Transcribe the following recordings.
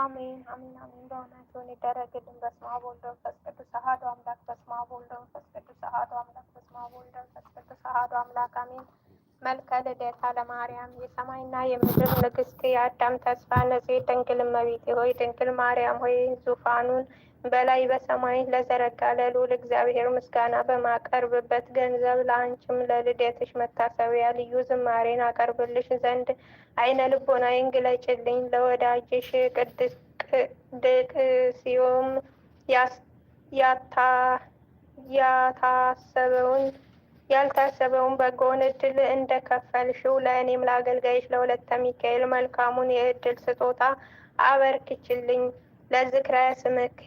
አሜን አሜን አሜን። በእውነቱን ይደረግልን። በስመ አብ ወወልድ ወመንፈስ ቅዱስ አሐዱ አምላክ። በስመ አብ ወወልድ ወመንፈስ ቅዱስ አሐዱ አምላክ። በስመ አብ ወወልድ ወመንፈስ ቅዱስ አሐዱ አምላክ። አሜን መልከ ልደታ ለማርያም የሰማይና የምድር ንግስት የአዳም ተስፋ ነጽሔት ድንግል እመቤቴ ሆይ ድንግል ማርያም ሆይ ዙፋኑን በላይ በሰማይ ለዘረጋ ለልዑል እግዚአብሔር ምስጋና በማቀርብበት ገንዘብ ለአንቺም ለልደትሽ መታሰቢያ ልዩ ዝማሬን አቀርብልሽ ዘንድ አይነ ልቦናዬን ግለጭልኝ። ለወዳጅሽ ቅድቅስዮም ያታሰበውን ያልታሰበውን በጎን እድል እንደከፈልሽው ለእኔም ለአገልጋይሽ ለሁለተ ሚካኤል መልካሙን የእድል ስጦታ አበርክችልኝ። ለዝክረ ስምኬ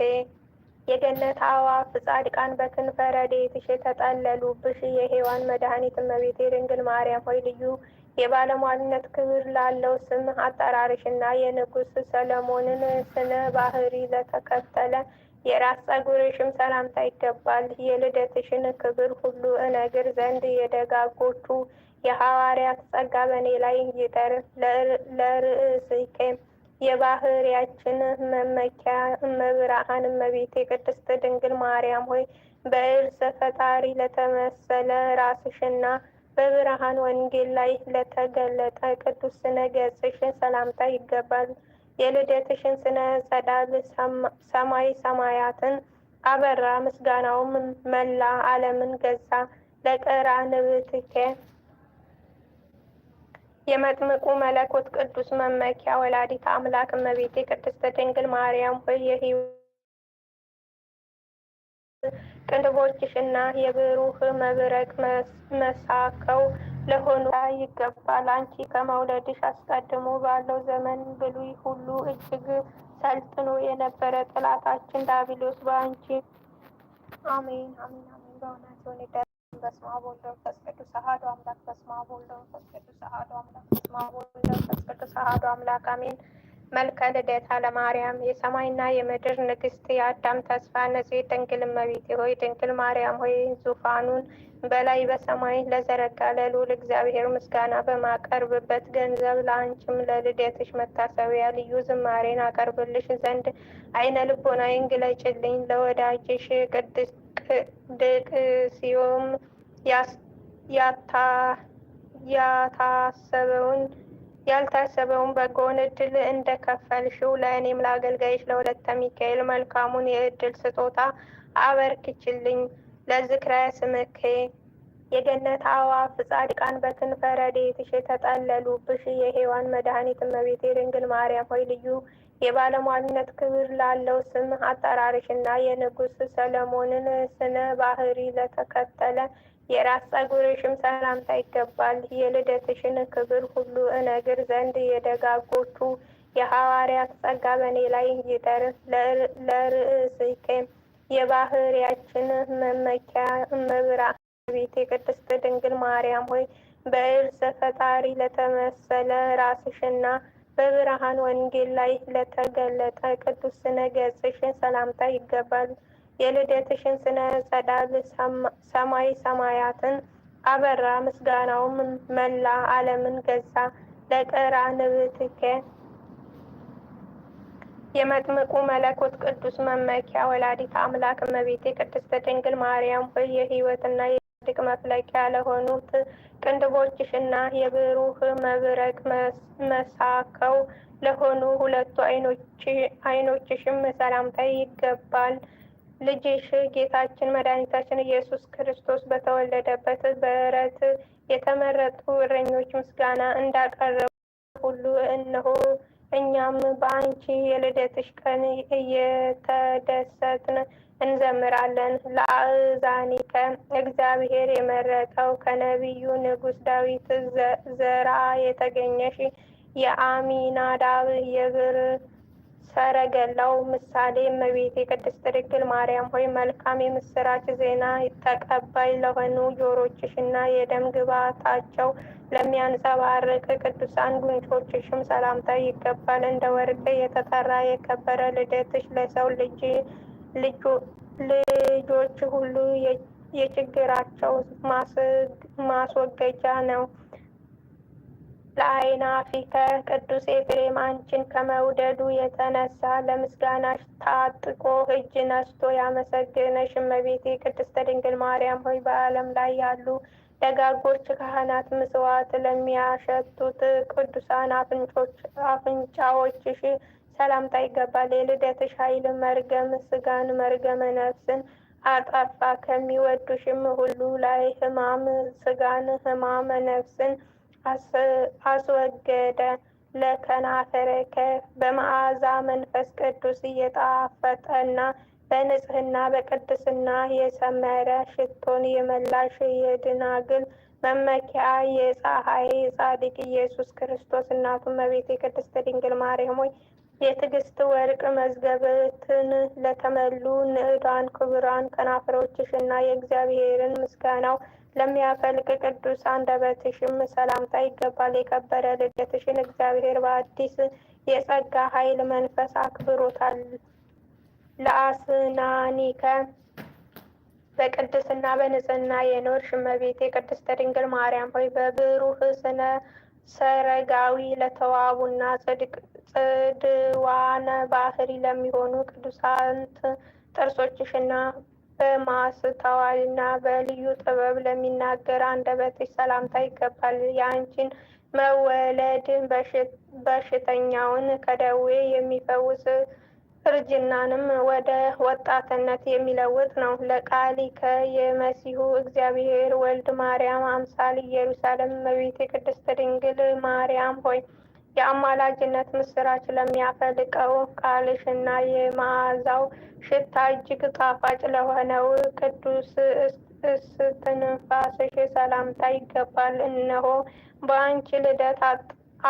የገነት አዕዋፍ ጻድቃን በክንፈ ረድኤትሽ የተጠለሉብሽ የሔዋን መድኃኒት እመቤቴ ድንግል ማርያም ሆይ ልዩ የባለሟልነት ክብር ላለው ስም አጠራርሽና የንጉሥ ሰለሞንን ስነ ባህሪ ለተከተለ የራስ ጸጉርሽም ሰላምታ ይገባል። የልደትሽን ክብር ሁሉ እነግር ዘንድ የደጋጎቹ የሐዋርያት ጸጋ በእኔ ላይ ይደር። ለርእስኬም የባህሪያችን መመኪያ እመብርሃን እመቤቴ ቅድስት ድንግል ማርያም ሆይ በእርሰ ፈጣሪ ለተመሰለ ራስሽና በብርሃን ወንጌል ላይ ለተገለጠ ቅዱስ ስነ ገጽሽ ሰላምታ ይገባል። የልደትሽን ስነ ጸዳል ሰማይ ሰማያትን አበራ፣ ምስጋናውም መላ ዓለምን ገዛ። ለቀራ ንብትኬ የመጥምቁ መለኮት ቅዱስ መመኪያ ወላዲት አምላክ እመቤቴ ቅድስተ ድንግል ማርያም ሆይ የህይወት ቅንድቦችሽና የብሩህ መብረቅ መሳከው ለሆኑ ይገባል። አንቺ ከመውለድሽ አስቀድሞ ባለው ዘመን ብሉይ ሁሉ እጅግ ሰልጥኖ የነበረ ጠላታችን ዲያብሎስ በአንቺ አሜን አሜን አሜን በእውነት ሆን ይደ በስመ አብ ወወልድ ወመንፈስ ቅዱስ አሐዱ አምላክ በስመ አብ ወወልድ ወመንፈስ ቅዱስ አሐዱ አምላክ በስመ አብ ወወልድ ወመንፈስ ቅዱስ አሐዱ አምላክ አሜን። መልከ ልደታ ለማርያም የሰማይና የምድር ንግሥት የአዳም ተስፋ ነጽሕት ድንግል እመቤቴ ሆይ ድንግል ማርያም ሆይ ዙፋኑን በላይ በሰማይ ለዘረጋ ለልዑል እግዚአብሔር ምስጋና በማቀርብበት ገንዘብ ለአንቺም ለልደትሽ መታሰቢያ ልዩ ዝማሬን አቀርብልሽ ዘንድ አይነ ልቦናዬን ግለጭልኝ። ለወዳጅሽ ቅድስዮም ያታሰበውን ያልታሰበውን በጎን እድል እንደከፈልሽው ለእኔም ለአገልጋይሽ ለሁለተ ሚካኤል መልካሙን የእድል ስጦታ አበርክችልኝ። ለዝክረ ስምኬ የገነት አእዋፍ ጻድቃን በክንፈ ረድኤትሽ የተጠለሉብሽ የሔዋን መድኃኒት እመቤቴ ድንግል ማርያም ሆይ ልዩ የባለሟልነት ክብር ላለው ስም አጠራርሽና የንጉሥ ሰለሞንን ስነ ባህሪ ለተከተለ የራስ ጸጉርሽም ሰላምታ ይገባል። የልደትሽን ክብር ሁሉ እነግር ዘንድ የደጋጎቹ የሐዋርያት ጸጋ በእኔ ላይ ይደር። ለርእስቴም የባህርያችን መመኪያ እመብርሃን ቤት የቅድስት ድንግል ማርያም ሆይ በእርስ ፈጣሪ ለተመሰለ ራስሽና በብርሃን ወንጌል ላይ ለተገለጠ ቅዱስ ስነ ገጽሽን ሰላምታ ይገባል። የልደትሽን ስነ ጸዳል ሰማይ ሰማያትን አበራ፣ ምስጋናውም መላ ዓለምን ገዛ። ለቀራ ንብትከ የመጥምቁ መለኮት ቅዱስ መመኪያ ወላዲት አምላክ እመቤቴ ቅድስተ ድንግል ማርያም ሆይ የሕይወትና የጻድቅ መፍለቂያ ለሆኑት ቅንድቦችሽና የብሩህ መብረቅ መሳከው ለሆኑ ሁለቱ ዓይኖችሽም ሰላምታ ይገባል። ልጅሽ ጌታችን መድኃኒታችን ኢየሱስ ክርስቶስ በተወለደበት በረት የተመረጡ እረኞች ምስጋና እንዳቀረቡ ሁሉ እነሆ እኛም በአንቺ የልደትሽ ቀን እየተደሰትን እንዘምራለን። ለአዛኒከ እግዚአብሔር የመረጠው ከነቢዩ ንጉሥ ዳዊት ዘራ የተገኘሽ የአሚናዳብ የብር ሰረገላው ምሳሌ እመቤቴ ቅድስት ድንግል ማርያም ሆይ መልካም የምስራች ዜና ተቀባይ ለሆኑ እና የደም ግባታቸው ለሚያንጸባርቅ ቅዱሳን ጉንጮችሽም ሰላምታ ይገባል። እንደ ወርቅ የተጠራ የከበረ ልደትሽ ለሰው ልጅ ልጆች ሁሉ የችግራቸው ማስወገጃ ነው። ለአይናፊተ ቅዱስ ኤፍሬም አንቺን ከመውደዱ የተነሳ ለምስጋናሽ ታጥቆ እጅ ነስቶ ያመሰግነሽ እመቤቴ ቅድስተ ድንግል ማርያም ሆይ በዓለም ላይ ያሉ ደጋጎች ካህናት ምስዋዕት ለሚያሸቱት ቅዱሳን አፍንጫዎችሽ ሰላምታ ይገባል። የልደትሽ ኃይል መርገም ስጋን መርገመ ነፍስን አጣፋ ከሚወዱሽም ሁሉ ላይ ሕማም ስጋን ሕማመ ነፍስን አስወገደ ለከናፈረከ በመዓዛ መንፈስ ቅዱስ እየጣፈጠና በንጽህና በቅድስና የሰመረ ሽቶን የመላሽ የድናግል መመኪያ የፀሐይ ጻድቅ ኢየሱስ ክርስቶስ እናቱ መቤት የቅድስት ድንግል ማርያም ሆይ የትዕግስት ወርቅ መዝገብትን ለተመሉ ንዕዳን ክቡራን ከናፍሮችሽ እና የእግዚአብሔርን ምስጋናው ለሚያፈልቅ ቅዱስ አንደበትሽም ሰላምታ ይገባል። የከበረ ልደትሽን እግዚአብሔር በአዲስ የጸጋ ኃይል መንፈስ አክብሮታል። ለአስናኒከ በቅድስና በንጽህና የኖርሽ እመቤቴ ቅድስት ድንግል ማርያም ሆይ በብሩህ ስነ ሰረጋዊ ለተዋቡና ጽድዋነ ባህሪ ለሚሆኑ ቅዱሳንት ጥርሶችሽና በማስተዋልና በልዩ ጥበብ ለሚናገር አንደበትሽ ሰላምታ ይገባል። የአንቺን መወለድ በሽተኛውን ከደዌ የሚፈውስ እርጅናንም ወደ ወጣትነት የሚለውጥ ነው። ለቃሊከ የመሲሁ እግዚአብሔር ወልድ ማርያም አምሳል ኢየሩሳሌም እመቤቴ ቅድስት ድንግል ማርያም ሆይ የአማላጅነት ምስራች ለሚያፈልቀው እና የመዓዛው ሽታ እጅግ ጣፋጭ ለሆነው ቅዱስ እስትንፋስሽ ሰላምታ ይገባል። እነሆ በአንቺ ልደት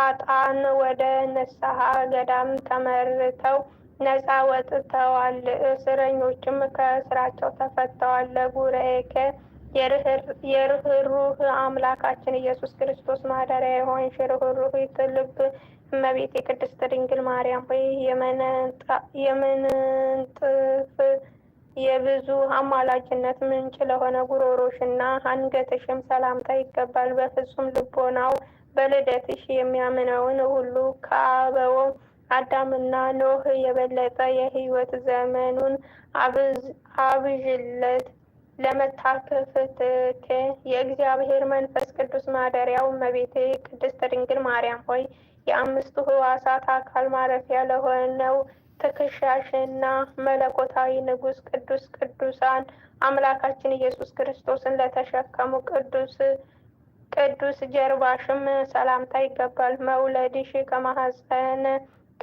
አጣን ወደ ንስሐ ገዳም ተመርተው ነፃ ወጥተዋል፣ እስረኞችም ከእስራቸው ተፈተዋል። ለቡሬከ የርኅሩህ አምላካችን ኢየሱስ ክርስቶስ ማደሪያ የሆንሽ ርኅሩህ ትልብ እመቤት የቅድስት ድንግል ማርያም ወይ የምንጥፍ የብዙ አማላጅነት ምንጭ ለሆነ ጉሮሮሽና አንገትሽም ሰላምታ ይገባል። በፍጹም ልቦናው በልደትሽ የሚያምነውን ሁሉ ከአበው አዳምና ኖህ የበለጠ የህይወት ዘመኑን አብዥለት ለመታከፍ የእግዚአብሔር መንፈስ ቅዱስ ማደሪያው እመቤቴ ቅድስት ድንግል ማርያም ሆይ የአምስቱ ሕዋሳት አካል ማረፊያ ለሆነው ትከሻሽና መለኮታዊ ንጉሥ ቅዱስ ቅዱሳን አምላካችን ኢየሱስ ክርስቶስን ለተሸከሙ ቅዱስ ቅዱስ ጀርባሽም ሰላምታ ይገባል። መውለድሽ ከማህፀን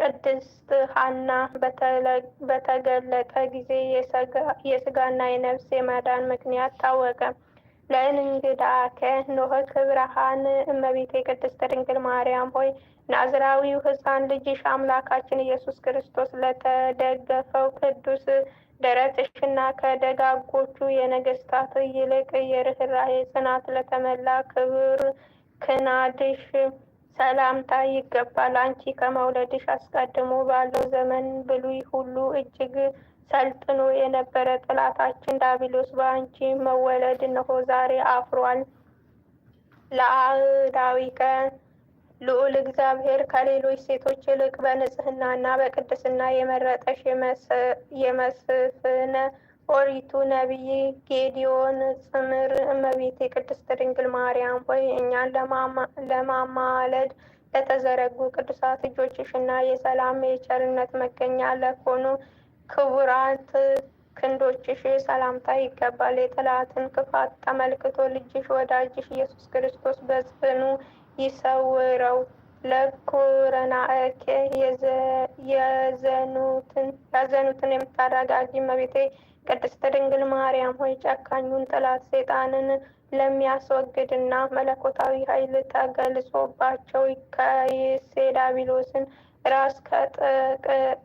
ቅድስት ሐና በተገለጠ ጊዜ የስጋና የነፍስ የማዳን ምክንያት ታወቀ። ለእንግዳከ ኖህ ክብርሃን እመቤቴ ቅድስት ድንግል ማርያም ሆይ ናዝራዊው ሕፃን ልጅሽ አምላካችን ኢየሱስ ክርስቶስ ለተደገፈው ቅዱስ ደረትሽና ከደጋጎቹ የነገስታት ይልቅ የርኅራሄ ጽናት ለተመላ ክብር ክናድሽ ሰላምታ ይገባል። አንቺ ከመውለድሽ አስቀድሞ ባለው ዘመን ብሉይ ሁሉ እጅግ ሰልጥኖ የነበረ ጠላታችን ዳቢሎስ በአንቺ መወለድ እነሆ ዛሬ አፍሯል። ለአዳዊከ ልዑል እግዚአብሔር ከሌሎች ሴቶች ይልቅ በንጽህናና በቅድስና የመረጠሽ የመስፍነ ኦሪቱ ነቢይ ጌዲዮን ጽምር እመቤት የቅድስት ድንግል ማርያም ሆይ እኛን ለማማለድ ለተዘረጉ ቅዱሳት እና የሰላም የቸርነት መገኛ ለሆኑ ክቡራት ክንዶችሽ ሰላምታ ይገባል። የጠላትን ክፋት ተመልክቶ ልጅሽ ወዳጅሽ ኢየሱስ ክርስቶስ በጽኑ ይሰውረው። ለኩረናእኬ የዘኑትን የምታዘኑትን የምታረጋጊ መቤቴ ቅድስት ድንግል ማርያም ሆይ ጨካኙን ጥላት ሰይጣንን ለሚያስወግድና መለኮታዊ ኃይል ተገልጾባቸው ከሴዳቢሎስን ራስ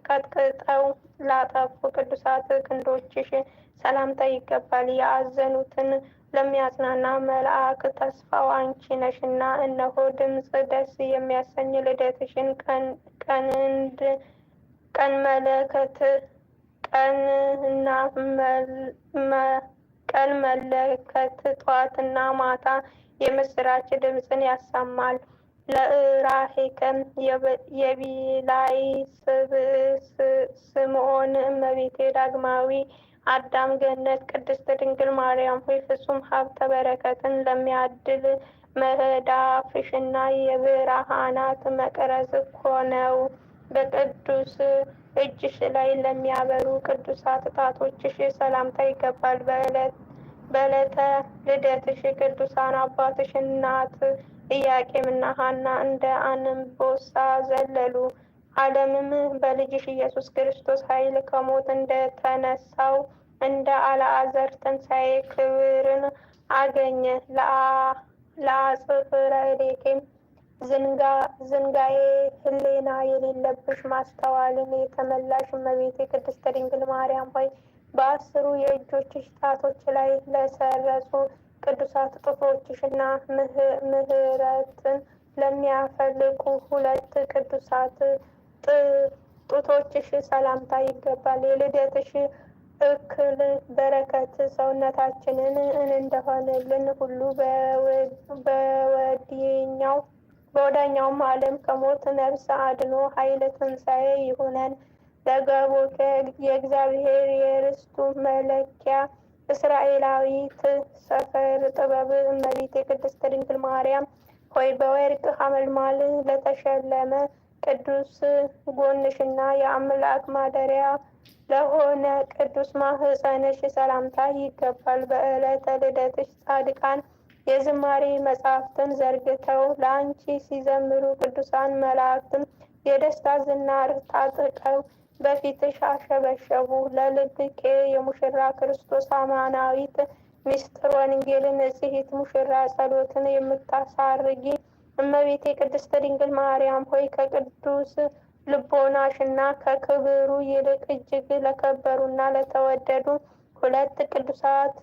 ቀጥቅጠው ላጠፉ ቅዱሳት ክንዶችሽ ሰላምታ ይገባል። የአዘኑትን ለሚያጽናና መልአክ ተስፋው አንቺ ነሽና፣ እነሆ ድምፅ ደስ የሚያሰኝ ልደትሽን ቀንድ ቀን መለከት ቀንና ቀን መለከት ጠዋትና ማታ የምስራች ድምፅን ያሰማል። ለራሄከም የቢላይ ስምዖን እመቤቴ ዳግማዊ አዳም ገነት ቅድስት ድንግል ማርያም ሆይ ፍጹም ሀብተ በረከትን ለሚያድል መዳፍሽና የብርሃናት መቅረዝ ኮነው በቅዱስ እጅሽ ላይ ለሚያበሩ ቅዱሳት ጣቶችሽ ሰላምታ ይገባል። በዕለተ ልደትሽ ቅዱሳን አባትሽ እናት ኢያቄምና ሐና እንደ አንበሳ ዘለሉ። ዓለምም በልጅሽ ኢየሱስ ክርስቶስ ኃይል ከሞት እንደተነሳው እንደ አልዓዛር ትንሣኤ ክብርን አገኘ። ለአጽብራሌኬም ዝንጋዬ ህሌና የሌለብሽ ማስተዋልን የተመላሽ እመቤቴ ቅድስት ድንግል ማርያም ሆይ በአስሩ የእጆችሽ ጣቶች ላይ ለሰረጹ ቅዱሳት እና ምሕረትን ለሚያፈልቁ ሁለት ቅዱሳት ጡቶችሽ ሰላምታ ይገባል። የልደትሽ እክል በረከት ሰውነታችንን እንደሆነልን ሁሉ በወዲኛው በወዳኛውም ዓለም ከሞት ነፍስ አድኖ ኃይለ ትንሣኤ ይሁነን። ለገቦ የእግዚአብሔር የርስቱ መለኪያ እስራኤላዊት ሰፈር ጥበብ እመቤት የቅድስት ድንግል ማርያም ሆይ በወርቅ ሐመልማል ለተሸለመ ቅዱስ ጎንሽና የአምላክ ማደሪያ ለሆነ ቅዱስ ማህፀነሽ ሰላምታ ይገባል። በዕለተ ልደትሽ ጻድቃን የዝማሬ መጽሐፍትን ዘርግተው ለአንቺ ሲዘምሩ ቅዱሳን መላእክትም የደስታ ዝናር ታጥቀው በፊትሽ አሸበሸቡ። ለልድቄ የሙሽራ ክርስቶስ አማናዊት ሚስጥር ወንጌልን ንጽሕት ሙሽራ ጸሎትን የምታሳርጊ እመቤቴ ቅድስት ድንግል ማርያም ሆይ ከቅዱስ ልቦናሽ እና ከክብሩ ይልቅ እጅግ ለከበሩና ለተወደዱ ሁለት ቅዱሳት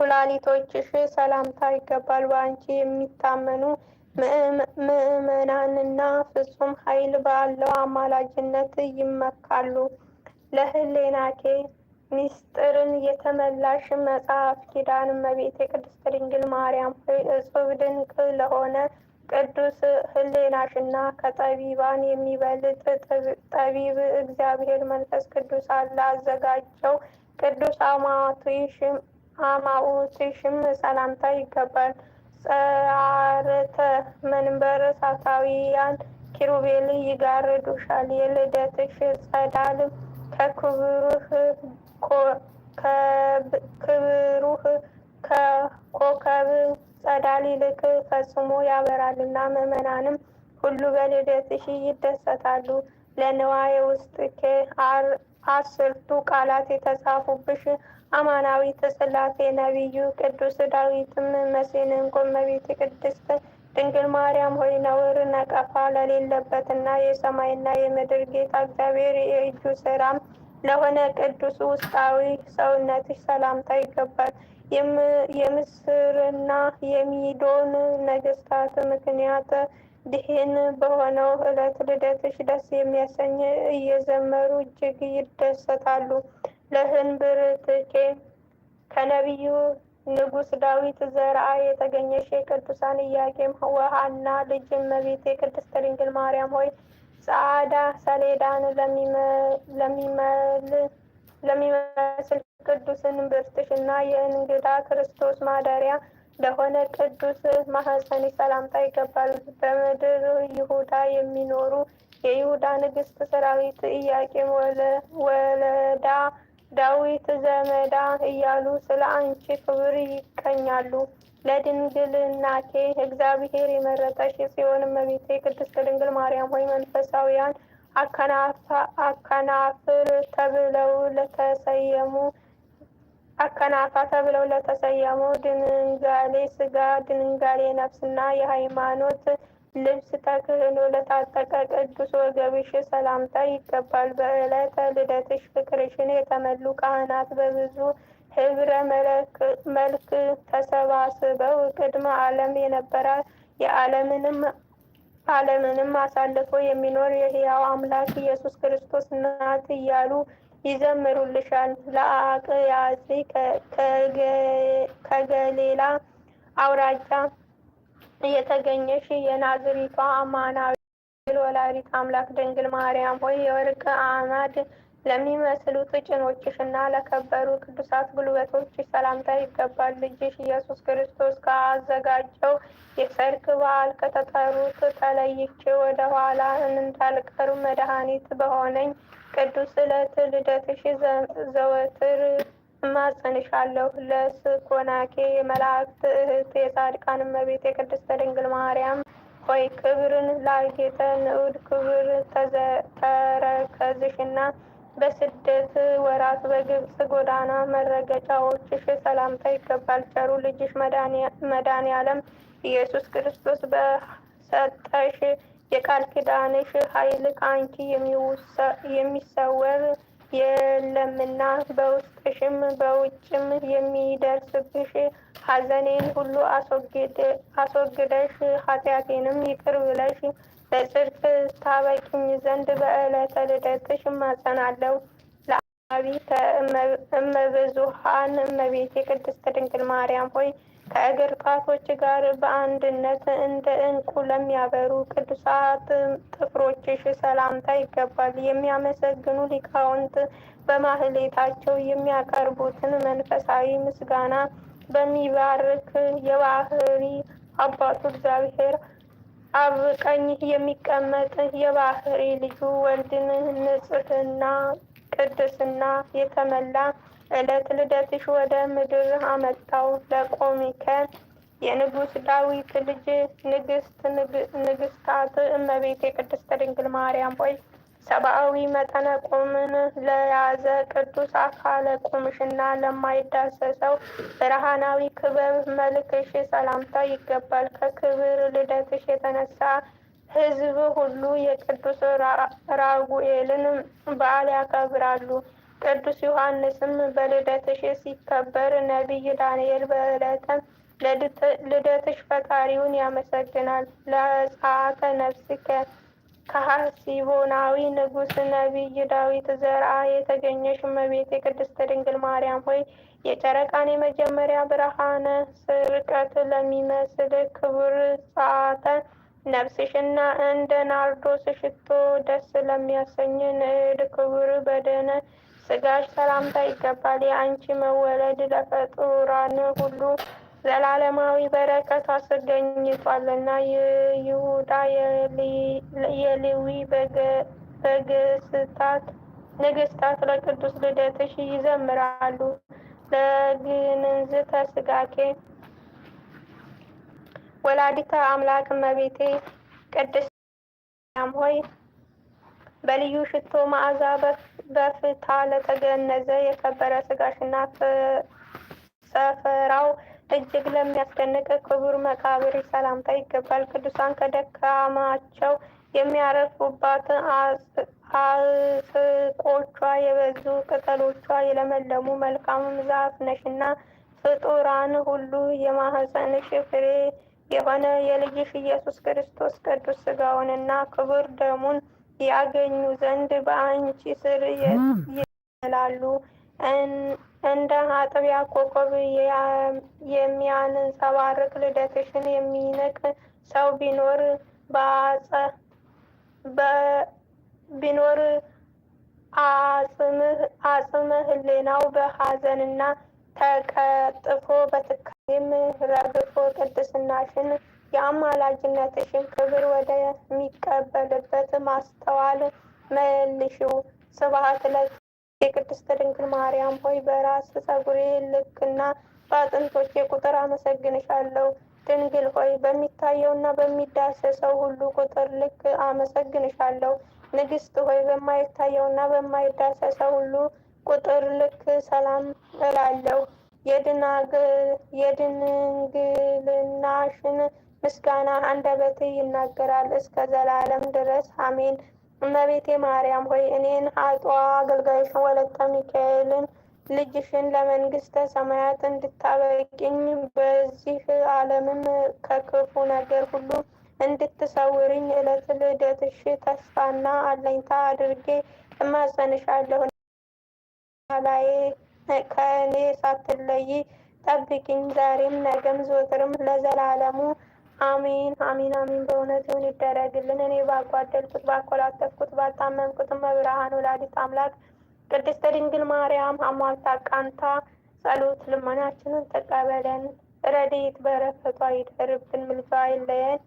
ኩላሊቶችሽ ሰላምታ ይገባል። በአንቺ የሚታመኑ ምእመናንና ፍጹም ኃይል ባለው አማላጅነት ይመካሉ። ለህሌናኬ ሚስጥርን የተመላሽ መጽሐፍ ኪዳን እመቤቴ የቅድስት ድንግል ማርያም ሆይ እጹብ ድንቅ ለሆነ ቅዱስ ህሌናሽና ከጠቢባን የሚበልጥ ጠቢብ እግዚአብሔር መንፈስ ቅዱስ አለ አዘጋጀው ቅዱስ አማቱ ሽም ሀማኡትሽም ሰላምታ ይገባል። ጸዓርተ መንበር እሳታውያን ኪሩቤል ይጋርዱሻል። የልደትሽ ጸዳል ከክብሩህ ክብሩህ ከኮከብ ጸዳል ይልቅ ፈጽሞ ያበራልና ምዕመናንም ሁሉ በልደትሽ ይደሰታሉ። ለንዋየ ውስጥ አስርቱ ቃላት የተጻፉብሽ አማናዊት ሥላሴ ነቢዩ ቅዱስ ዳዊትም መሲህን እመቤቴ ቅድስት ድንግል ማርያም ሆይ ነውር ነቀፋ ለሌለበትና የሰማይና የምድር ጌታ እግዚአብሔር የእጁ ስራ ለሆነ ቅዱስ ውስጣዊ ሰውነትሽ ሰላምታ ይገባል። የምስርና የሚዶን ነገስታት ምክንያት ድህን በሆነው ዕለት ልደትሽ ደስ የሚያሰኝ እየዘመሩ እጅግ ይደሰታሉ። ለእንብርትኬ ከነቢዩ ንጉሥ ዳዊት ዘርአ የተገኘሽ የቅዱሳን ኢያቄም ወሐና ልጅም መቤቴ ቅድስት ድንግል ማርያም ሆይ ጻዕዳ ሰሌዳን ለሚመስል ቅዱስን ብርትሽ እና የእንግዳ ክርስቶስ ማደሪያ ለሆነ ቅዱስ ማኅፀን ሰላምታ ይገባል። በምድር ይሁዳ የሚኖሩ የይሁዳ ንግሥት ሰራዊት ኢያቄም ወለዳ ዳዊት ዘመዳ እያሉ ስለ አንቺ ክብር ይቀኛሉ። ለድንግልናቴ እግዚአብሔር የመረጠሽ የጽዮን እመቤቴ ቅድስት ድንግል ማርያም ሆይ መንፈሳውያን አከናፍር ተብለው ለተሰየሙ አከናፋ ተብለው ለተሰየሙ ድንጋሌ ስጋ ድንጋሌ ነፍስና የሃይማኖት ልብስ ተክህኖ ለታጠቀ ቅዱስ ወገብሽ ሰላምታ ይገባል። በዕለተ ልደትሽ ፍቅርሽን የተመሉ ካህናት በብዙ ህብረ መልክ ተሰባስበው ቅድመ ዓለም የነበረ የዓለምንም ዓለምንም አሳልፎ የሚኖር የሕያው አምላክ ኢየሱስ ክርስቶስ እናት እያሉ ይዘምሩልሻል። ለአቅያዚ ከገሌላ አውራጃ እየተገኘሽ የናዝሪቷ አማናዊ ወላዲተ አምላክ ድንግል ማርያም ሆይ የወርቅ አማድ ለሚመስሉ ጭኖችሽ እና ለከበሩ ቅዱሳት ጉልበቶች ሰላምታ ይገባል። ልጅሽ ኢየሱስ ክርስቶስ ከአዘጋጀው የሰርክ በዓል ከተጠሩት ተለይቼ ወደ ኋላ እንዳልቀሩ መድኃኒት በሆነኝ ቅዱስ ዕለት ልደትሽ ዘወትር እማጸንሻለሁ ለስኮናኬ መላእክት እህት የጻድቃን እመቤት የቅድስተ ድንግል ማርያም ሆይ ክብርን ላጌጠ ንዑድ ክብር ተረከዝሽና በስደት ወራት በግብፅ ጎዳና መረገጫዎችሽ ሰላምታ ይገባል። ቸሩ ልጅሽ መድኃኔ ዓለም ኢየሱስ ክርስቶስ በሰጠሽ የቃል ኪዳንሽ ኃይል ከአንቺ የሚሰወር የለምና በውስጥሽም በውጭም የሚደርስብሽ ሐዘኔን ሁሉ አስወግደሽ ኃጢአቴንም ይቅር ብለሽ ለጽድቅ ታበቂኝ ዘንድ በዕለተ ልደትሽ እማጸናለሁ። ለአማቢ እመብዙሃን እመቤቴ ቅድስት ድንግል ማርያም ሆይ ከእግር ጣቶች ጋር በአንድነት እንደ እንቁ ለሚያበሩ ቅዱሳት ጥፍሮችሽ ሰላምታ ይገባል። የሚያመሰግኑ ሊቃውንት በማህሌታቸው የሚያቀርቡትን መንፈሳዊ ምስጋና በሚባርክ የባህሪ አባቱ እግዚአብሔር አብ ቀኝ የሚቀመጥ የባህሪ ልጁ ወልድን ንጽህና ቅድስና የተመላ ዕለት ልደትሽ ወደ ምድር አመጣው ለቆሚከ የንጉሥ ዳዊት ልጅ ንግስት ንግስታት እመቤት የቅድስተ ድንግል ማርያም ሆይ ሰብአዊ መጠነ ቁምን ለያዘ ቅዱስ አካለ ቁምሽና ለማይዳሰሰው ብርሃናዊ ክበብ መልክሽ ሰላምታ ይገባል። ከክብር ልደትሽ የተነሳ ሕዝብ ሁሉ የቅዱስ ራጉኤልን በዓል ያከብራሉ። ቅዱስ ዮሐንስም በልደትሽ ሲከበር ነቢይ ዳንኤል በዕለተ ልደትሽ ፈጣሪውን ያመሰግናል። ለጸአተ ነፍስ ከሐሲቦናዊ ንጉሥ ነቢይ ዳዊት ዘርአ የተገኘሽ እመቤት የቅድስት ድንግል ማርያም ሆይ የጨረቃን የመጀመሪያ ብርሃነ ስርቀት ለሚመስል ክቡር ጸአተ ነፍስሽና እንደ ናርዶስ ሽቶ ደስ ለሚያሰኝ ንዕድ ክቡር በደነ ስጋሽ ሰላምታ ይገባል። የአንቺ መወለድ ለፈጡራን ሁሉ ዘላለማዊ አስገኝቷል እና የይሁዳ የሌዊ በገስታት ንግስታት ለቅዱስ ልደትሽ ይዘምራሉ። ለግንዝተ ስጋኬ ወላዲተ አምላክ መቤቴ ቅድስት ማርያም ሆይ በልዩ ሽቶ መዓዛ በፍ በፍታ ለተገነዘ የከበረ ስጋሽና ሰፈራው እጅግ ለሚያስደንቅ ክቡር መቃብር ሰላምታ ይገባል። ቅዱሳን ከደካማቸው የሚያረፉባት አጽቆቿ የበዙ ቅጠሎቿ የለመለሙ መልካም ዛፍ ነሽና ፍጡራን ሁሉ የማህፀንሽ ፍሬ የሆነ የልጅሽ ኢየሱስ ክርስቶስ ቅዱስ ስጋውንና ክቡር ደሙን ያገኙ ዘንድ በአንቺ ስር ይላሉ። እንደ አጥቢያ ኮከብ የሚያንጸባርቅ ልደትሽን የሚንቅ ሰው ቢኖር ቢኖር አጽመ ህሌናው በሐዘንና ተቀጥፎ በትካዜም ረግፎ ቅድስናሽን የአማላጅነትሽን ክብር ወደሚቀበልበት ማስተዋል መልሽው። ስብሐት ለኪ የቅድስት ድንግል ማርያም ሆይ በራስ ፀጉሬ ልክና በአጥንቶቼ ቁጥር አመሰግንሻለሁ። ድንግል ሆይ በሚታየውና በሚዳሰሰው ሁሉ ቁጥር ልክ አመሰግንሻለሁ። ንግስት ሆይ በማይታየውና በማይዳሰሰው ሁሉ ቁጥር ልክ ሰላም እላለሁ። የድንግልናሽን ምስጋና አንደበትህ ይናገራል እስከ ዘላለም ድረስ አሜን። እመቤቴ ማርያም ሆይ እኔን አጧ አገልጋይሽን ወለተ ሚካኤልን ልጅሽን ለመንግስተ ሰማያት እንድታበቂኝ በዚህ ዓለምም ከክፉ ነገር ሁሉ እንድትሰውርኝ ዕለት ልደትሽ ተስፋና አለኝታ አድርጌ እማጸንሻለሁ። ላዬ ከእኔ ሳትለይ ጠብቂኝ ዛሬም ነገም ዘወትርም ለዘላለሙ አሚን አሚን አሚን። በእውነት ይሁን ይደረግልን። እኔ ባጓደልኩት ባኮላተፍኩት ባታመምኩትም በብርሃን ወላዲት አምላክ ቅድስተ ድንግል ማርያም አሟልታ ቃንታ ጸሎት ልመናችንን ተቀበለን። ረድኤት በረከቷ ይደርብን፣ ምልጃ አይለየን።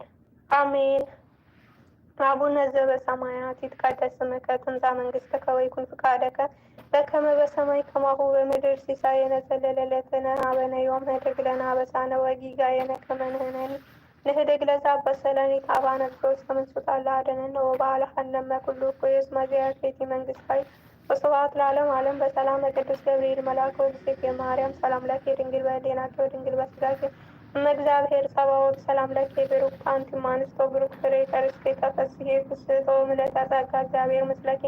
አሜን። አቡነ ዘበሰማያት ይትቀደስ ስምከ ትምጻእ መንግሥትከ ወይኩን ፍቃድከ በከመ በሰማይ ከማሁ በምድር ሲሳየነ ዘለለዕለትነ ሀበነ ዮም ህድግ ለነ አበሳነ ወጌጋየነ ከመ ንሕነኒ ለህደግ ለዛ በሰለኒ ካባ ነብሶች ከመንሱጣ ለአደንነ ወባህለ ሀለመ ኩሉ ኮየስ መዚያ መንግስት መንግስታዊ ወስብሐት ለዓለም ዓለም በሰላም ቅዱስ ገብርኤል መልአክ ወግዜፍ የማርያም ሰላም ለኪ ድንግል በህዴናኪ ድንግል በስጋኪ እመ እግዚአብሔር ሰባወት ሰላም ለኪ ብሩክ አንቲ እምአንስቶ ብሩክ ፍሬ ከርስኪ ተፈሥሒ ፍስሕቶ ምልዕተ ጸጋ እግዚአብሔር ምስለኪ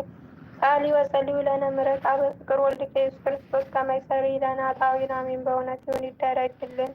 ሰአሊ ወጸልዩ ለነ ምሕረተ በፍቅር ወልድ ከኢየሱስ ክርስቶስ ከመ ይሠሪ ለነ ኃጣውኢነ አሜን። በእውነት ይሁን ይደረግልን።